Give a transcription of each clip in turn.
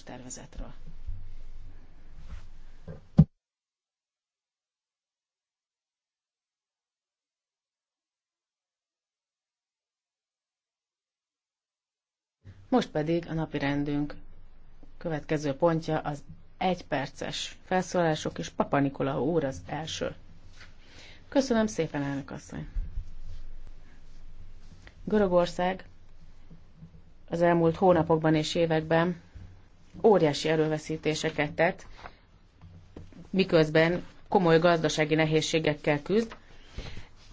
tervezetről. Most pedig a napi rendünk következő pontja az egyperces felszólások, és Papa Nikola úr az első. Köszönöm szépen, elnök asszony! Görögország az elmúlt hónapokban és években óriási erőveszítéseket tett, miközben komoly gazdasági nehézségekkel küzd,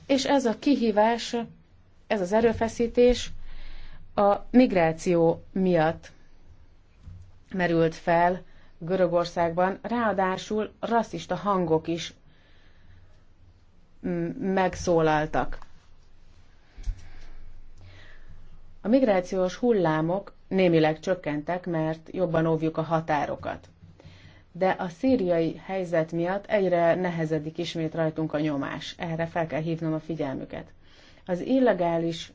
és ez a kihívás, ez az erőfeszítés a migráció miatt merült fel Görögországban, ráadásul rasszista hangok is megszólaltak. A migrációs hullámok némileg csökkentek, mert jobban óvjuk a határokat. De a szíriai helyzet miatt egyre nehezedik ismét rajtunk a nyomás. Erre fel kell hívnom a figyelmüket. Az illegális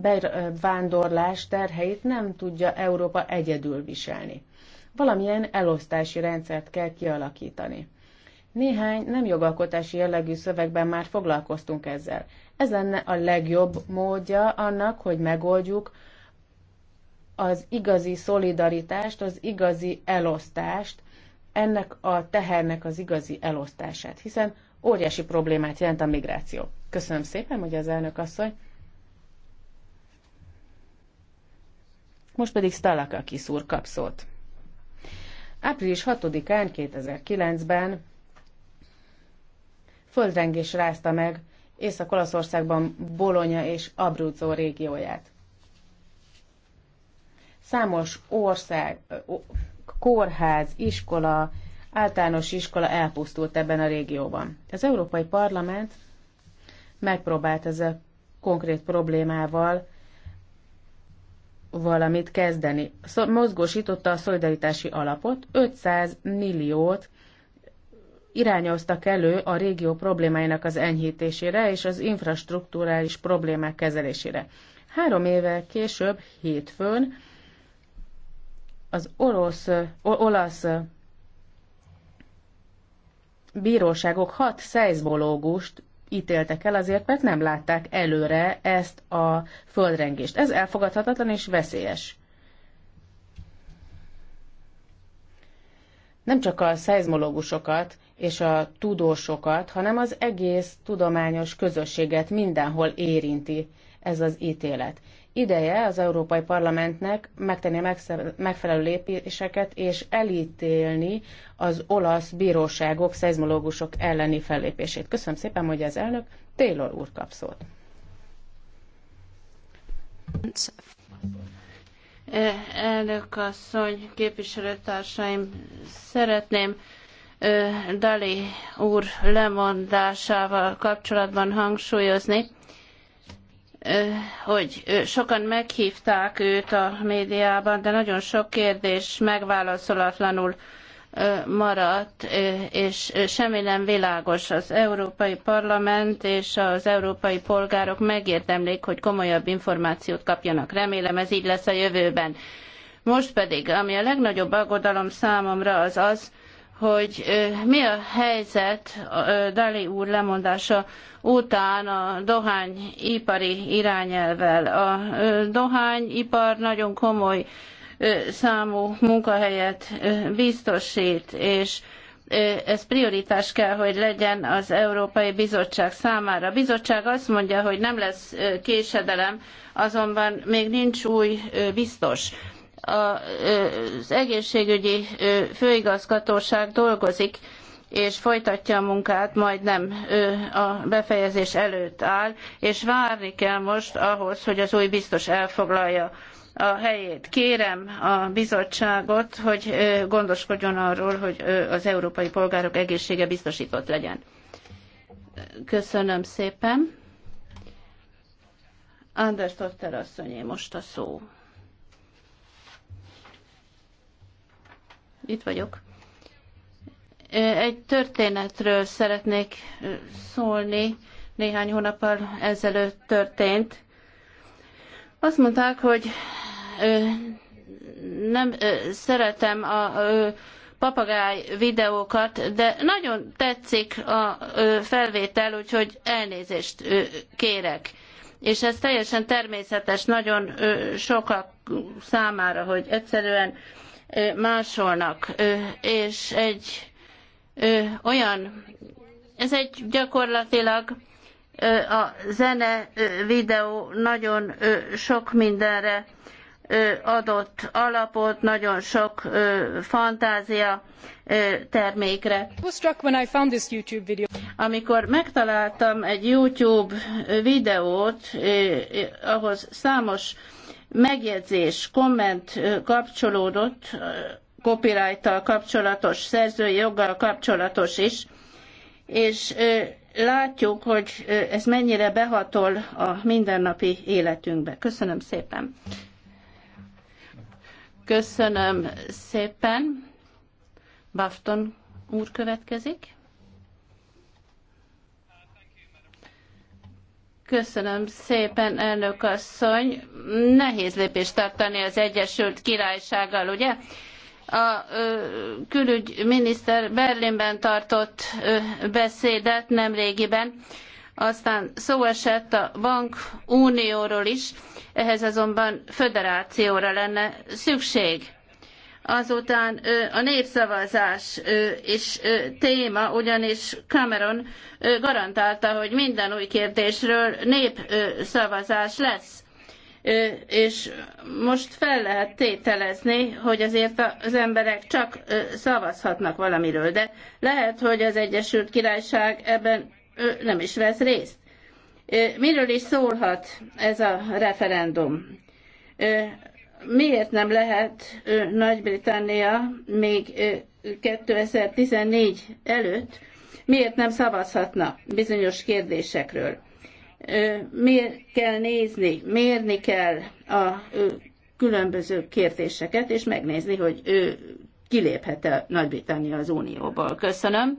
bevándorlás terheit nem tudja Európa egyedül viselni. Valamilyen elosztási rendszert kell kialakítani. Néhány nem jogalkotási jellegű szövegben már foglalkoztunk ezzel. Ez lenne a legjobb módja annak, hogy megoldjuk az igazi szolidaritást, az igazi elosztást, ennek a tehernek az igazi elosztását, hiszen óriási problémát jelent a migráció. Köszönöm szépen, hogy az elnök asszony. Most pedig Stalaka kiszúr kapszót. Április 6-án 2009-ben földrengés rázta meg Észak-Olaszországban Bolonya és Abruzzo régióját. Számos ország, kórház, iskola, általános iskola elpusztult ebben a régióban. Az Európai Parlament megpróbált ezzel konkrét problémával valamit kezdeni. Mozgósította a szolidaritási alapot, 500 milliót irányoztak elő a régió problémáinak az enyhítésére és az infrastruktúrális problémák kezelésére. Három éve később, hétfőn, az orosz, olasz bíróságok hat szeizmológust ítéltek el azért, mert nem látták előre ezt a földrengést. Ez elfogadhatatlan és veszélyes. nem csak a szeizmológusokat és a tudósokat, hanem az egész tudományos közösséget mindenhol érinti ez az ítélet. Ideje az Európai Parlamentnek megtenni a megfelelő lépéseket és elítélni az olasz bíróságok, szeizmológusok elleni fellépését. Köszönöm szépen, hogy az elnök Taylor úr kap szót. Eh, elnök asszony, képviselőtársaim, szeretném eh, Dali úr lemondásával kapcsolatban hangsúlyozni, eh, hogy sokan meghívták őt a médiában, de nagyon sok kérdés megválaszolatlanul maradt, és semmi nem világos. Az Európai Parlament és az európai polgárok megérdemlik, hogy komolyabb információt kapjanak. Remélem ez így lesz a jövőben. Most pedig, ami a legnagyobb aggodalom számomra az az, hogy mi a helyzet Dali úr lemondása után a dohányipari irányelvel. A dohányipar nagyon komoly számú munkahelyet biztosít, és ez prioritás kell, hogy legyen az Európai Bizottság számára. A bizottság azt mondja, hogy nem lesz késedelem, azonban még nincs új biztos az egészségügyi főigazgatóság dolgozik, és folytatja a munkát, majdnem a befejezés előtt áll, és várni kell most ahhoz, hogy az új biztos elfoglalja a helyét. Kérem a bizottságot, hogy gondoskodjon arról, hogy az európai polgárok egészsége biztosított legyen. Köszönöm szépen. Anders Totter asszonyé most a szó. Itt vagyok. Egy történetről szeretnék szólni. Néhány hónappal ezelőtt történt. Azt mondták, hogy nem szeretem a papagáj videókat, de nagyon tetszik a felvétel, úgyhogy elnézést kérek. És ez teljesen természetes nagyon sokak számára, hogy egyszerűen másolnak. És egy olyan, ez egy gyakorlatilag a zene, videó nagyon sok mindenre adott alapot nagyon sok fantázia termékre. Amikor megtaláltam egy YouTube videót, ahhoz számos megjegyzés, komment kapcsolódott, copyright kapcsolatos, szerzői joggal kapcsolatos is, és látjuk, hogy ez mennyire behatol a mindennapi életünkbe. Köszönöm szépen! Köszönöm szépen. Bafton úr következik. Köszönöm szépen, elnök asszony. Nehéz lépést tartani az Egyesült Királysággal, ugye? a külügyminiszter Berlinben tartott beszédet nemrégiben, aztán szó esett a bank unióról is, ehhez azonban föderációra lenne szükség. Azután a népszavazás is téma, ugyanis Cameron garantálta, hogy minden új kérdésről népszavazás lesz és most fel lehet tételezni, hogy azért az emberek csak szavazhatnak valamiről, de lehet, hogy az Egyesült Királyság ebben nem is vesz részt. Miről is szólhat ez a referendum? Miért nem lehet Nagy-Britannia még 2014 előtt, miért nem szavazhatna bizonyos kérdésekről? Miért kell nézni, mérni kell a különböző kérdéseket, és megnézni, hogy kiléphet-e Nagy-Britannia az Unióból. Köszönöm.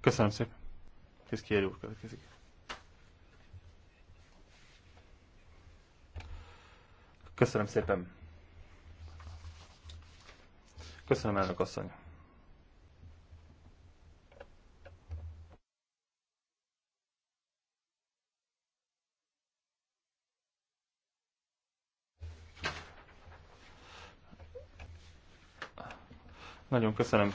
Köszönöm szépen. Kiszkieri úr következik. Köszönöm szépen. Köszönöm, elnök asszony. Nagyon köszönöm.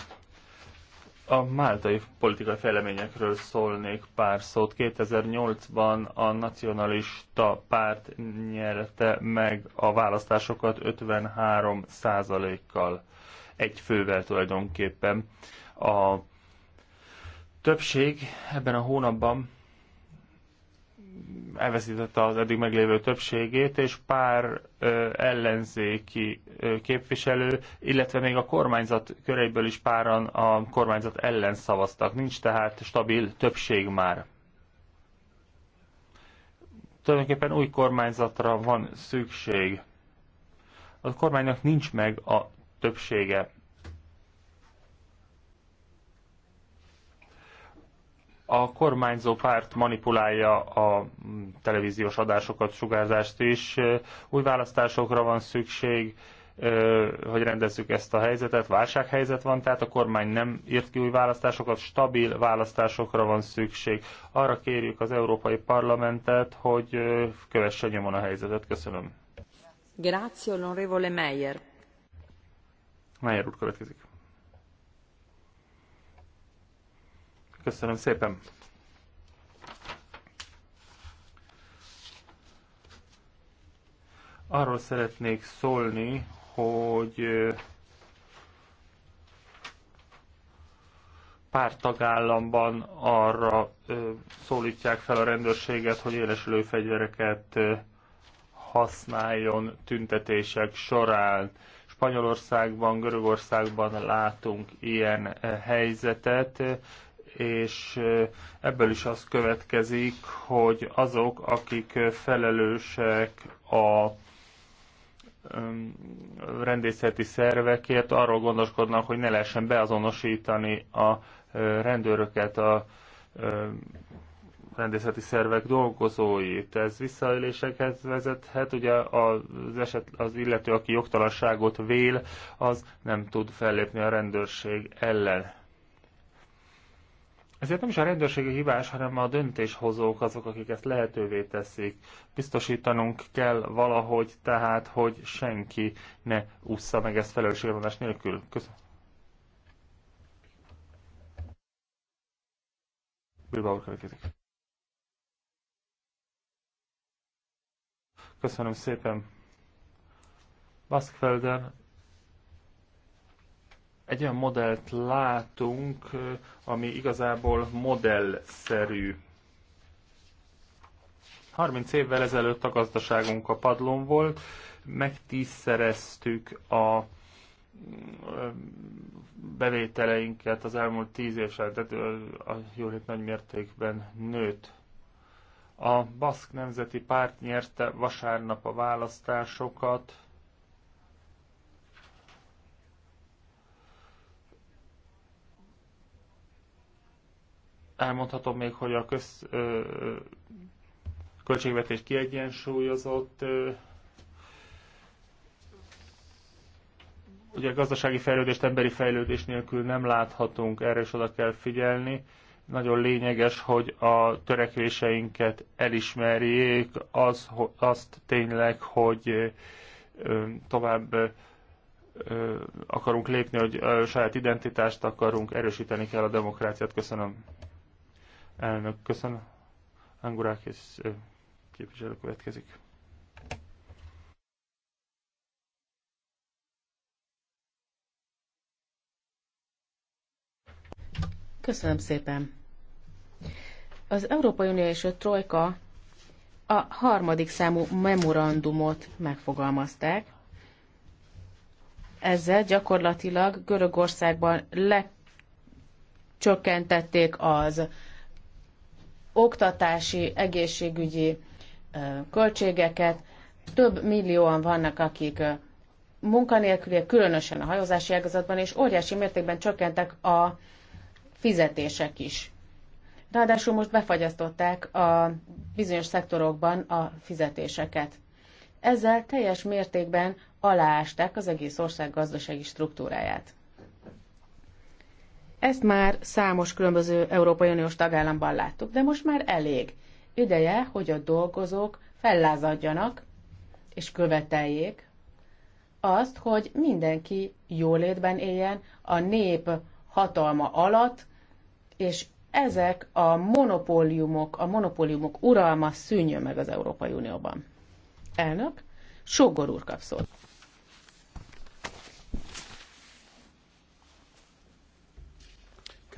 A máltai politikai fejleményekről szólnék pár szót. 2008-ban a nacionalista párt nyerte meg a választásokat 53 kal egy fővel tulajdonképpen. A többség ebben a hónapban elveszítette az eddig meglévő többségét, és pár ö, ellenzéki ö, képviselő, illetve még a kormányzat köreiből is páran a kormányzat ellen szavaztak. Nincs tehát stabil többség már. Tulajdonképpen új kormányzatra van szükség. A kormánynak nincs meg a többsége a kormányzó párt manipulálja a televíziós adásokat, sugárzást is. Új választásokra van szükség, hogy rendezzük ezt a helyzetet. Válsághelyzet van, tehát a kormány nem írt ki új választásokat, stabil választásokra van szükség. Arra kérjük az Európai Parlamentet, hogy kövesse nyomon a helyzetet. Köszönöm. Grazie, onorevole Meyer. Meyer úr következik. Köszönöm szépen. Arról szeretnék szólni, hogy pár tagállamban arra szólítják fel a rendőrséget, hogy élesülő fegyvereket használjon tüntetések során. Spanyolországban, Görögországban látunk ilyen helyzetet és ebből is az következik, hogy azok, akik felelősek a rendészeti szervekért arról gondoskodnak, hogy ne lehessen beazonosítani a rendőröket, a rendészeti szervek dolgozóit. Ez visszaélésekhez vezethet, ugye az, eset, az illető, aki jogtalanságot vél, az nem tud fellépni a rendőrség ellen. Ezért nem is a rendőrségi hibás, hanem a döntéshozók azok, akik ezt lehetővé teszik. Biztosítanunk kell valahogy tehát, hogy senki ne ússza meg ezt felelősségvonás nélkül. Köszönöm. Bilbao következik. Köszönöm szépen. Baszkfelder egy olyan modellt látunk, ami igazából modellszerű. 30 évvel ezelőtt a gazdaságunk a padlón volt, megtízszereztük a bevételeinket az elmúlt tíz évben, tehát a jólét nagy mértékben nőtt. A Baszk Nemzeti Párt nyerte vasárnap a választásokat, Elmondhatom még, hogy a köz, ö, költségvetés kiegyensúlyozott. Ö, ugye a gazdasági fejlődést emberi fejlődés nélkül nem láthatunk, erre is oda kell figyelni. Nagyon lényeges, hogy a törekvéseinket elismerjék, az, azt tényleg, hogy tovább akarunk lépni, hogy saját identitást akarunk, erősíteni kell a demokráciát. Köszönöm. Elnök, köszönöm. és képviselő következik. Köszönöm szépen. Az Európai Unió és a Trojka a harmadik számú memorandumot megfogalmazták. Ezzel gyakorlatilag Görögországban lecsökkentették az oktatási, egészségügyi költségeket. Több millióan vannak, akik munkanélküliek, különösen a hajózási ágazatban, és óriási mértékben csökkentek a fizetések is. Ráadásul most befagyasztották a bizonyos szektorokban a fizetéseket. Ezzel teljes mértékben aláásták az egész ország gazdasági struktúráját. Ezt már számos különböző Európai Uniós tagállamban láttuk, de most már elég. Ideje, hogy a dolgozók fellázadjanak és követeljék azt, hogy mindenki jólétben éljen a nép hatalma alatt, és ezek a monopóliumok, a monopóliumok uralma szűnjön meg az Európai Unióban. Elnök, Sogor úr kap szót.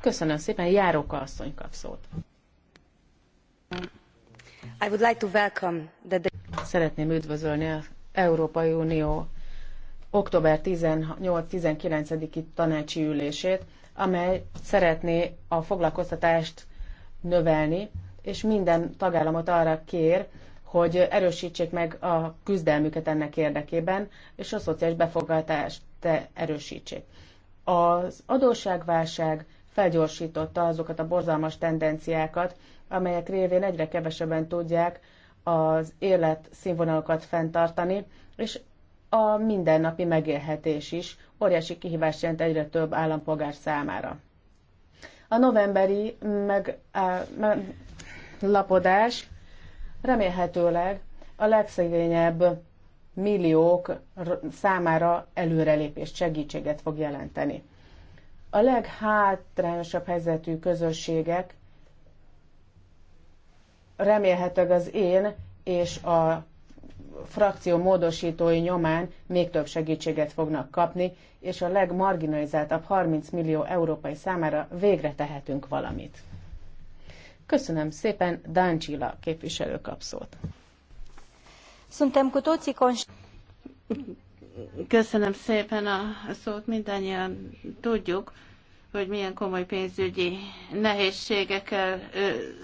Köszönöm szépen, Járóka asszony kap szót. I would like to welcome the... Szeretném üdvözölni az Európai Unió október 18-19-i tanácsi ülését, amely szeretné a foglalkoztatást növelni, és minden tagállamot arra kér, hogy erősítsék meg a küzdelmüket ennek érdekében, és a szociális befogadást erősítsék. Az adósságválság felgyorsította azokat a borzalmas tendenciákat, amelyek révén egyre kevesebben tudják az élet színvonalokat fenntartani, és a mindennapi megélhetés is óriási kihívást jelent egyre több állampolgár számára. A novemberi meg, á, me, lapodás remélhetőleg a legszegényebb milliók számára előrelépést, segítséget fog jelenteni. A leghátrányosabb helyzetű közösségek remélhetőleg az én és a frakció módosítói nyomán még több segítséget fognak kapni, és a legmarginalizáltabb 30 millió európai számára végre tehetünk valamit. Köszönöm szépen, Dáncsila képviselő kapszót. Suntem cu toții conștienți. szépen a szót, mindannyian tudjuk, hogy milyen komoly pénzügyi nehézségekkel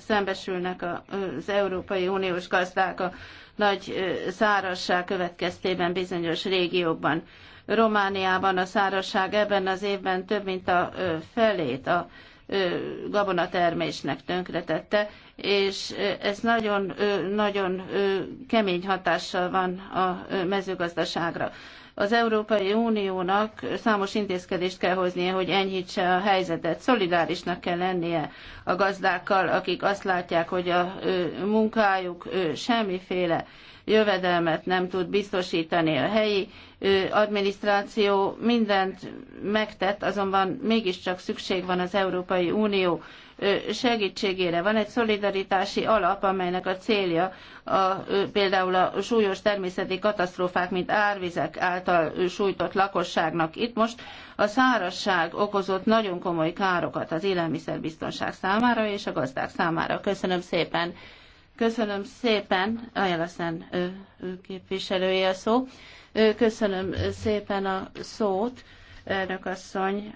szembesülnek az Európai Uniós gazdák a nagy szárazság következtében bizonyos régiókban. Romániában a szárazság ebben az évben több mint a felét a gabonatermésnek tönkretette, és ez nagyon, nagyon kemény hatással van a mezőgazdaságra. Az Európai Uniónak számos intézkedést kell hoznia, hogy enyhítse a helyzetet. Szolidárisnak kell lennie a gazdákkal, akik azt látják, hogy a munkájuk semmiféle jövedelmet nem tud biztosítani a helyi adminisztráció mindent megtett, azonban mégiscsak szükség van az Európai Unió segítségére. Van egy szolidaritási alap, amelynek a célja a, például a súlyos természeti katasztrófák, mint árvizek által sújtott lakosságnak. Itt most a szárazság okozott nagyon komoly károkat az élelmiszerbiztonság számára és a gazdák számára. Köszönöm szépen! Köszönöm szépen, Ajalaszán képviselője a szó. Köszönöm szépen a szót, elnök asszony.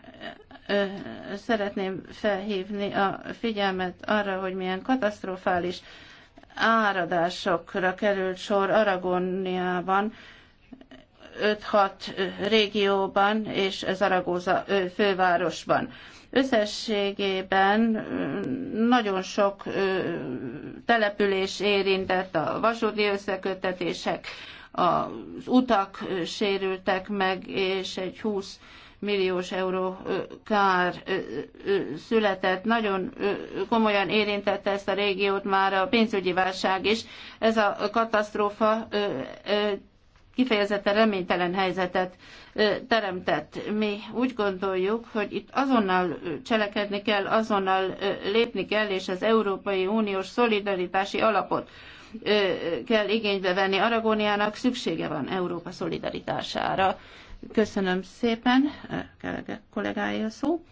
Szeretném felhívni a figyelmet arra, hogy milyen katasztrofális áradásokra került sor Aragóniában, 5-6 régióban és Zaragóza fővárosban Összességében nagyon sok település érintett a vasúti összekötetések, az utak sérültek meg, és egy 20 milliós euró kár született. Nagyon komolyan érintette ezt a régiót már a pénzügyi válság is. Ez a katasztrófa kifejezetten reménytelen helyzetet teremtett. Mi úgy gondoljuk, hogy itt azonnal cselekedni kell, azonnal lépni kell, és az Európai Uniós Szolidaritási Alapot kell igénybe venni. Aragóniának szüksége van Európa szolidaritására. Köszönöm szépen, kollégája szó.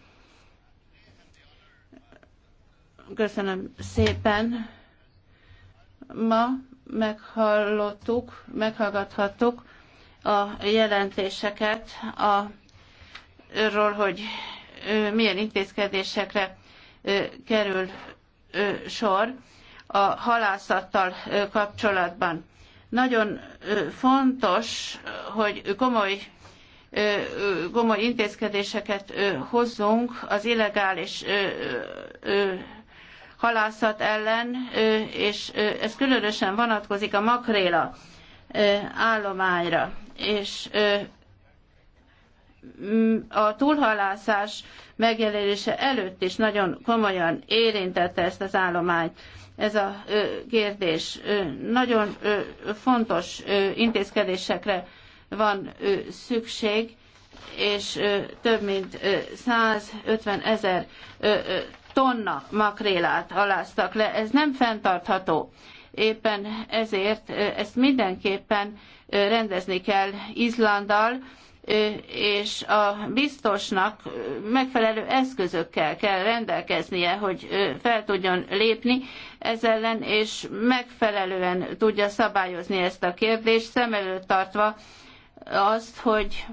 Köszönöm szépen. Ma meghallottuk, meghallgathattuk a jelentéseket arról, hogy milyen intézkedésekre kerül sor a halászattal kapcsolatban. Nagyon fontos, hogy komoly komoly intézkedéseket hozzunk az illegális halászat ellen, és ez különösen vonatkozik a makréla állományra. És a túlhalászás megjelenése előtt is nagyon komolyan érintette ezt az állományt. Ez a kérdés nagyon fontos intézkedésekre van szükség, és több mint 150 ezer tonna makrélát aláztak le. Ez nem fenntartható. Éppen ezért ezt mindenképpen rendezni kell Izlanddal, és a biztosnak megfelelő eszközökkel kell rendelkeznie, hogy fel tudjon lépni ez ellen, és megfelelően tudja szabályozni ezt a kérdést, szem előtt tartva azt, hogy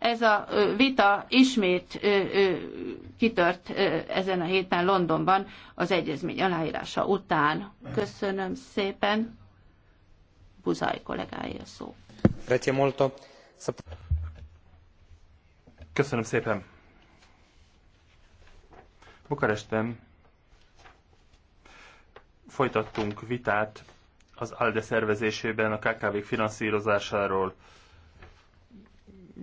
ez a vita ismét kitört ezen a héten Londonban az egyezmény aláírása után. Köszönöm szépen. kollégái kollégája szó. Köszönöm szépen. Bukarestben folytattunk vitát az ALDE szervezésében a KKV-k finanszírozásáról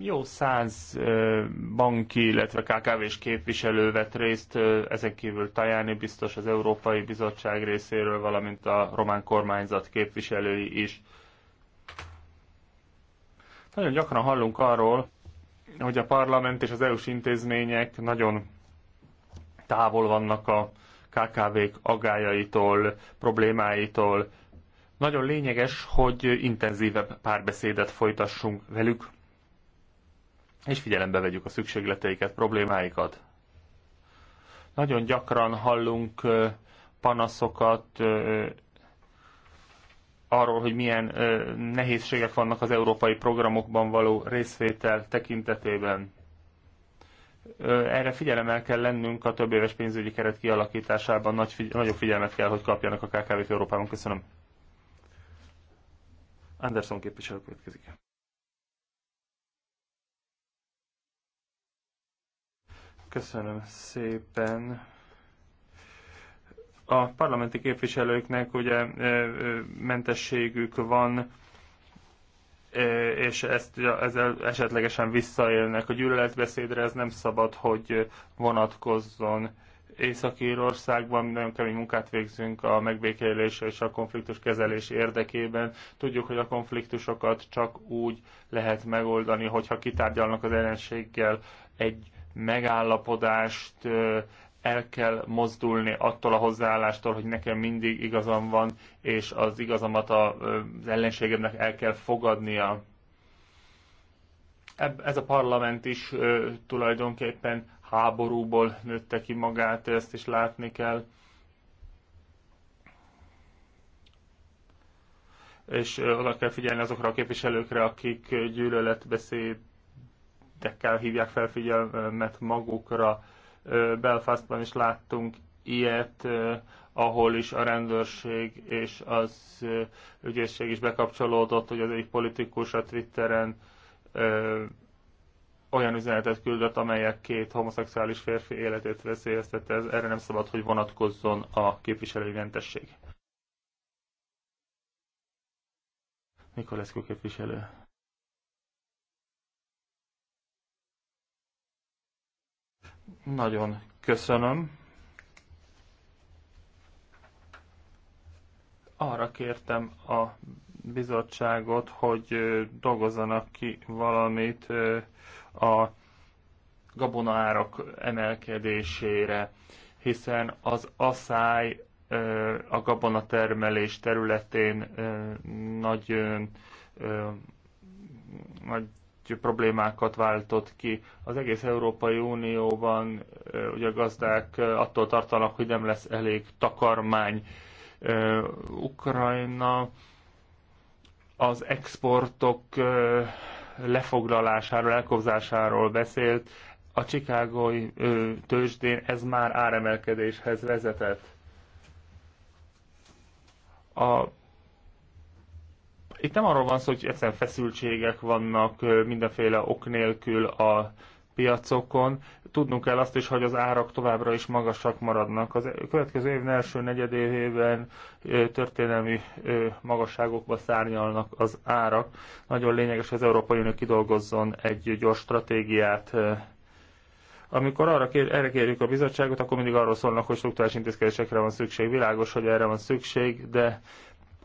jó száz banki, illetve KKV-s képviselő vett részt, ezek kívül Tajáni biztos az Európai Bizottság részéről, valamint a román kormányzat képviselői is. Nagyon gyakran hallunk arról, hogy a parlament és az EU-s intézmények nagyon távol vannak a KKV-k agájaitól, problémáitól. Nagyon lényeges, hogy intenzívebb párbeszédet folytassunk velük, és figyelembe vegyük a szükségleteiket, problémáikat. Nagyon gyakran hallunk panaszokat arról, hogy milyen nehézségek vannak az európai programokban való részvétel tekintetében. Erre figyelemmel kell lennünk a több éves pénzügyi keret kialakításában, nagy figy- nagyobb figyelmet kell, hogy kapjanak a KKV-k Európában. Köszönöm. Anderson képviselő következik. Köszönöm szépen. A parlamenti képviselőknek ugye mentességük van, és ezt ezzel esetlegesen visszaélnek a gyűlöletbeszédre, ez nem szabad, hogy vonatkozzon. Észak-Írországban nagyon kemény munkát végzünk a megbékélés és a konfliktus kezelés érdekében. Tudjuk, hogy a konfliktusokat csak úgy lehet megoldani, hogyha kitárgyalnak az ellenséggel egy megállapodást, el kell mozdulni attól a hozzáállástól, hogy nekem mindig igazam van, és az igazamat az ellenségemnek el kell fogadnia. Ez a parlament is tulajdonképpen háborúból nőtte ki magát, ezt is látni kell. és oda kell figyelni azokra a képviselőkre, akik gyűlöletbeszéd tekkel hívják fel figyelmet magukra. Belfastban is láttunk ilyet, ahol is a rendőrség és az ügyészség is bekapcsolódott, hogy az egyik politikus a Twitteren olyan üzenetet küldött, amelyek két homoszexuális férfi életét veszélyeztette. Ez, erre nem szabad, hogy vonatkozzon a képviselői rendesség. Nikolescu képviselő. Nagyon köszönöm. Arra kértem a bizottságot, hogy dolgozzanak ki valamit a gabonaárak emelkedésére, hiszen az asszály a gabonatermelés területén nagy, nagy problémákat váltott ki. Az egész Európai Unióban ugye a gazdák attól tartanak, hogy nem lesz elég takarmány. Ukrajna az exportok lefoglalásáról, elkobzásáról beszélt. A csikágói tőzsdén ez már áremelkedéshez vezetett. A itt nem arról van szó, hogy egyszerűen feszültségek vannak mindenféle ok nélkül a piacokon. Tudnunk kell azt is, hogy az árak továbbra is magasak maradnak. Az következő év első negyedévében történelmi magasságokba szárnyalnak az árak. Nagyon lényeges, hogy az Európai Unió kidolgozzon egy gyors stratégiát amikor arra kér, erre kérjük a bizottságot, akkor mindig arról szólnak, hogy struktúrás intézkedésekre van szükség. Világos, hogy erre van szükség, de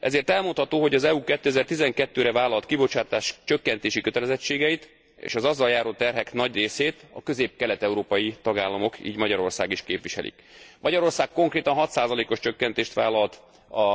ezért elmondható hogy az eu two thousand and twelve re vállalt kibocsátáscsökkentési kötelezettségeit és az azzal járó terhek nagy részét a közép kelet európai tagállamok gy magyarország is képviselik. magyarország konkrétan six os csökkentést vállalt a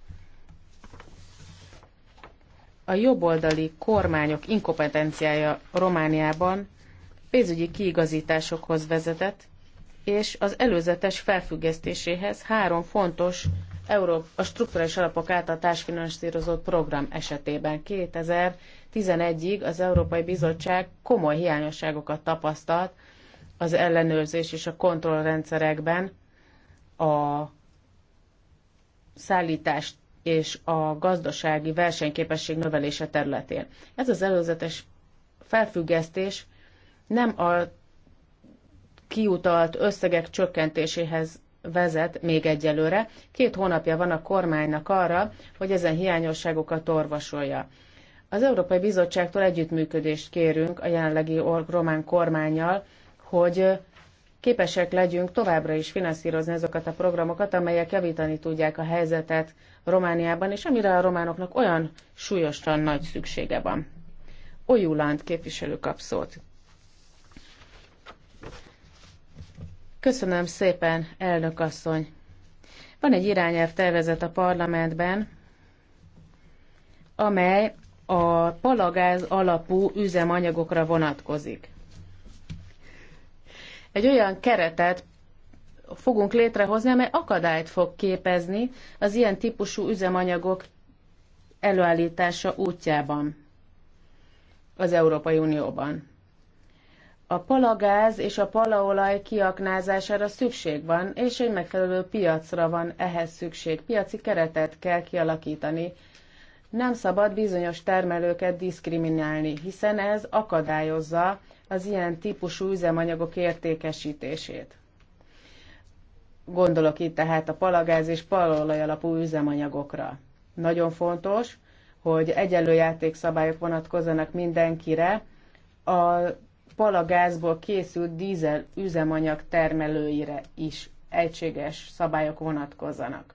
a jobboldali kormányok inkompetenciája Romániában pénzügyi kiigazításokhoz vezetett, és az előzetes felfüggesztéséhez három fontos Európa, a strukturális alapok által társfinanszírozott program esetében 2011-ig az Európai Bizottság komoly hiányosságokat tapasztalt az ellenőrzés és a kontrollrendszerekben, a szállítást és a gazdasági versenyképesség növelése területén. Ez az előzetes felfüggesztés nem a kiutalt összegek csökkentéséhez vezet még egyelőre. Két hónapja van a kormánynak arra, hogy ezen hiányosságokat orvosolja. Az Európai Bizottságtól együttműködést kérünk a jelenlegi román kormányjal, hogy képesek legyünk továbbra is finanszírozni azokat a programokat, amelyek javítani tudják a helyzetet Romániában, és amire a románoknak olyan súlyosan nagy szüksége van. Olyulánt képviselő kap szót. Köszönöm szépen, elnök asszony. Van egy irányelv tervezet a parlamentben, amely a palagáz alapú üzemanyagokra vonatkozik egy olyan keretet fogunk létrehozni, amely akadályt fog képezni az ilyen típusú üzemanyagok előállítása útjában az Európai Unióban. A palagáz és a palaolaj kiaknázására szükség van, és egy megfelelő piacra van ehhez szükség. Piaci keretet kell kialakítani. Nem szabad bizonyos termelőket diszkriminálni, hiszen ez akadályozza az ilyen típusú üzemanyagok értékesítését. Gondolok itt tehát a palagáz és palolaj alapú üzemanyagokra. Nagyon fontos, hogy egyenlő játékszabályok vonatkozzanak mindenkire a palagázból készült dízel üzemanyag termelőire is egységes szabályok vonatkozzanak.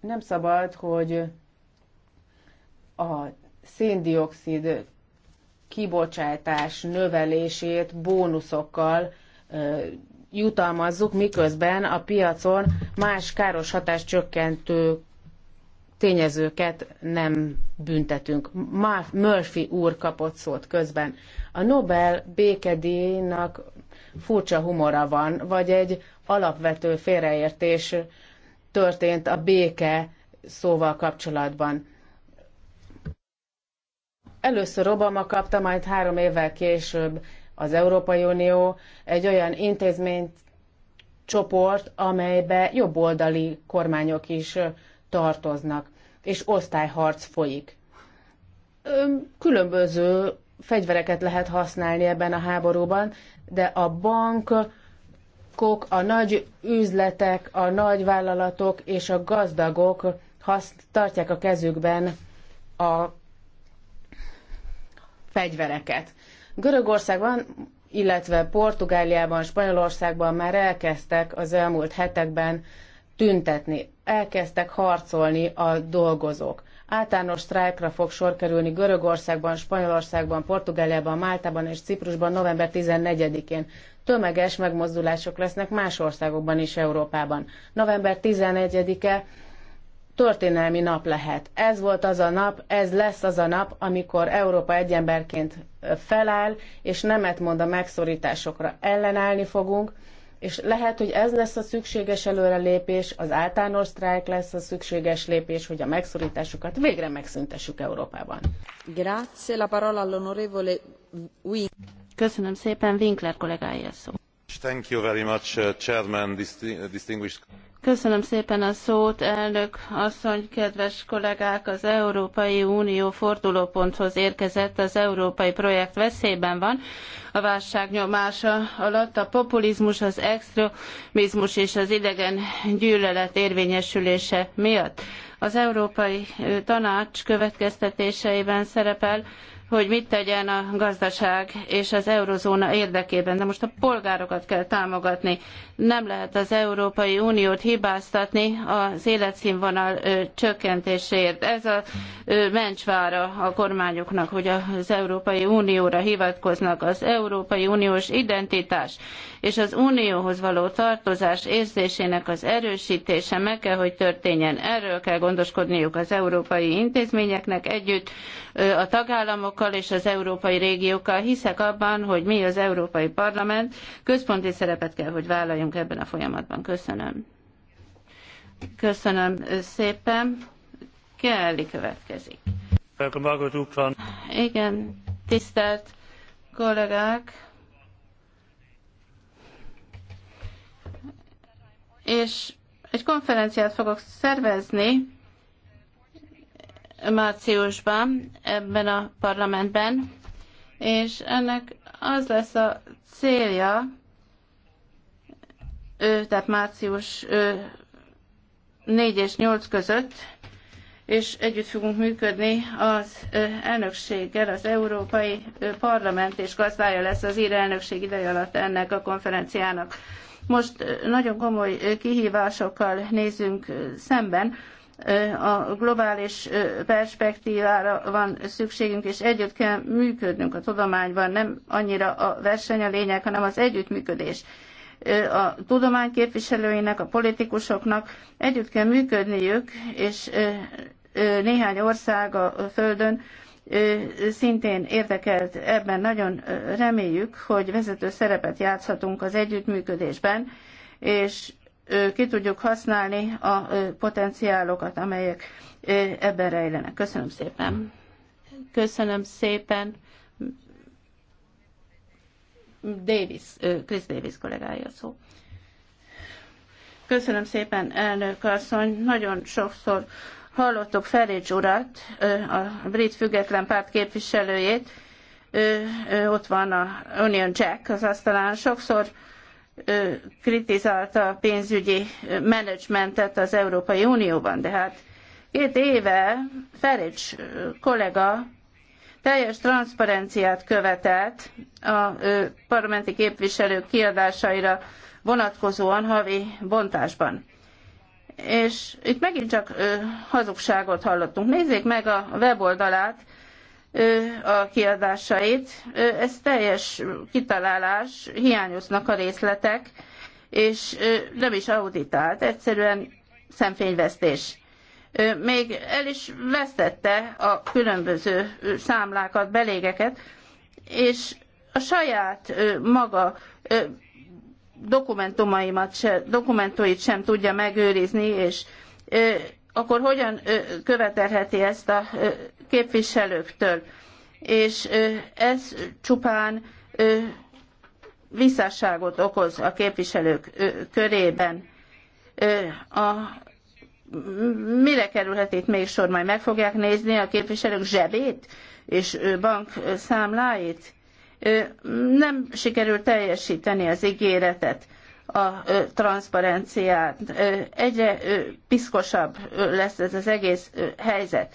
Nem szabad, hogy a széndiokszid kibocsátás növelését bónuszokkal jutalmazzuk, miközben a piacon más káros hatás csökkentő tényezőket nem büntetünk. Murphy úr kapott szót közben. A Nobel békedélynak furcsa humora van, vagy egy alapvető félreértés történt a béke szóval kapcsolatban. Először Obama kapta, majd három évvel később az Európai Unió egy olyan intézményt csoport, amelybe jobboldali kormányok is tartoznak, és osztályharc folyik. Különböző fegyvereket lehet használni ebben a háborúban, de a bankok, a nagy üzletek, a nagy vállalatok és a gazdagok haszt, tartják a kezükben a fegyvereket. Görögországban, illetve Portugáliában, Spanyolországban már elkezdtek az elmúlt hetekben tüntetni, elkezdtek harcolni a dolgozók. Általános sztrájkra fog sor kerülni Görögországban, Spanyolországban, Portugáliában, Máltában és Ciprusban november 14-én. Tömeges megmozdulások lesznek más országokban is Európában. November 11-e történelmi nap lehet. Ez volt az a nap, ez lesz az a nap, amikor Európa egyemberként feláll, és nemet mond a megszorításokra. Ellenállni fogunk, és lehet, hogy ez lesz a szükséges előrelépés, az általános sztrájk lesz a szükséges lépés, hogy a megszorításokat végre megszüntessük Európában. Grazie, la parola all'onorevole Köszönöm szépen, Winkler kollégája szó. Thank you very much, uh, Chairman, distinguished... Köszönöm szépen a szót, elnök asszony, kedves kollégák! Az Európai Unió fordulóponthoz érkezett, az európai projekt veszélyben van. A válság nyomása alatt a populizmus, az extrémizmus és az idegen gyűlölet érvényesülése miatt. Az Európai Tanács következtetéseiben szerepel, hogy mit tegyen a gazdaság és az eurozóna érdekében. De most a polgárokat kell támogatni. Nem lehet az Európai Uniót hibáztatni az életszínvonal csökkentéséért. Ez a ö, mencsvára a kormányoknak, hogy az Európai Unióra hivatkoznak. Az Európai Uniós identitás és az unióhoz való tartozás érzésének az erősítése meg kell, hogy történjen. Erről kell gondoskodniuk az európai intézményeknek együtt a tagállamokkal és az európai régiókkal. Hiszek abban, hogy mi az Európai Parlament központi szerepet kell, hogy vállaljunk ebben a folyamatban. Köszönöm. Köszönöm szépen. Kelly következik. Igen, tisztelt kollégák! és egy konferenciát fogok szervezni márciusban ebben a parlamentben, és ennek az lesz a célja, ő, tehát március ő, 4 és 8 között, és együtt fogunk működni az elnökséggel, az Európai Parlament és gazdája lesz az ír elnökség ideje alatt ennek a konferenciának. Most nagyon komoly kihívásokkal nézünk szemben, a globális perspektívára van szükségünk, és együtt kell működnünk a tudományban, nem annyira a verseny a lényeg, hanem az együttműködés a tudomány képviselőinek, a politikusoknak együtt kell működniük, és néhány ország a Földön szintén érdekelt ebben, nagyon reméljük, hogy vezető szerepet játszhatunk az együttműködésben, és ki tudjuk használni a potenciálokat, amelyek ebben rejlenek. Köszönöm szépen. Köszönöm szépen. Davis, Chris Davis kollégája szó. Köszönöm szépen, elnök asszony. Nagyon sokszor Hallottuk Ferics urat, a brit független párt képviselőjét, ő, ő ott van a Union Jack, az aztán sokszor ő kritizálta a pénzügyi menedzsmentet az Európai Unióban, de hát két éve Ferics kollega teljes transzparenciát követelt a parlamenti képviselők kiadásaira vonatkozóan havi bontásban és itt megint csak hazugságot hallottunk. Nézzék meg a weboldalát, a kiadásait. Ez teljes kitalálás, hiányoznak a részletek, és nem is auditált, egyszerűen szemfényvesztés. Még el is vesztette a különböző számlákat, belégeket, és a saját maga dokumentumaimat se, dokumentóit sem tudja megőrizni, és akkor hogyan követelheti ezt a képviselőktől? És ez csupán visszásságot okoz a képviselők körében. A, mire kerülhet itt még sor? Majd meg fogják nézni a képviselők zsebét és bankszámláit? nem sikerült teljesíteni az ígéretet a transzparenciát. Egyre piszkosabb lesz ez az egész helyzet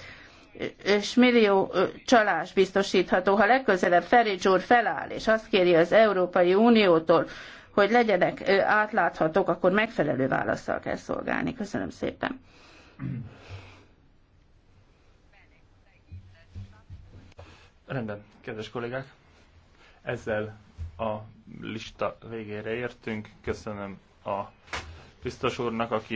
és millió csalás biztosítható, ha legközelebb Ferics úr feláll, és azt kéri az Európai Uniótól, hogy legyenek átláthatók, akkor megfelelő válaszsal kell szolgálni. Köszönöm szépen. Rendben, kedves kollégák. Ezzel a lista végére értünk. Köszönöm a biztos úrnak, aki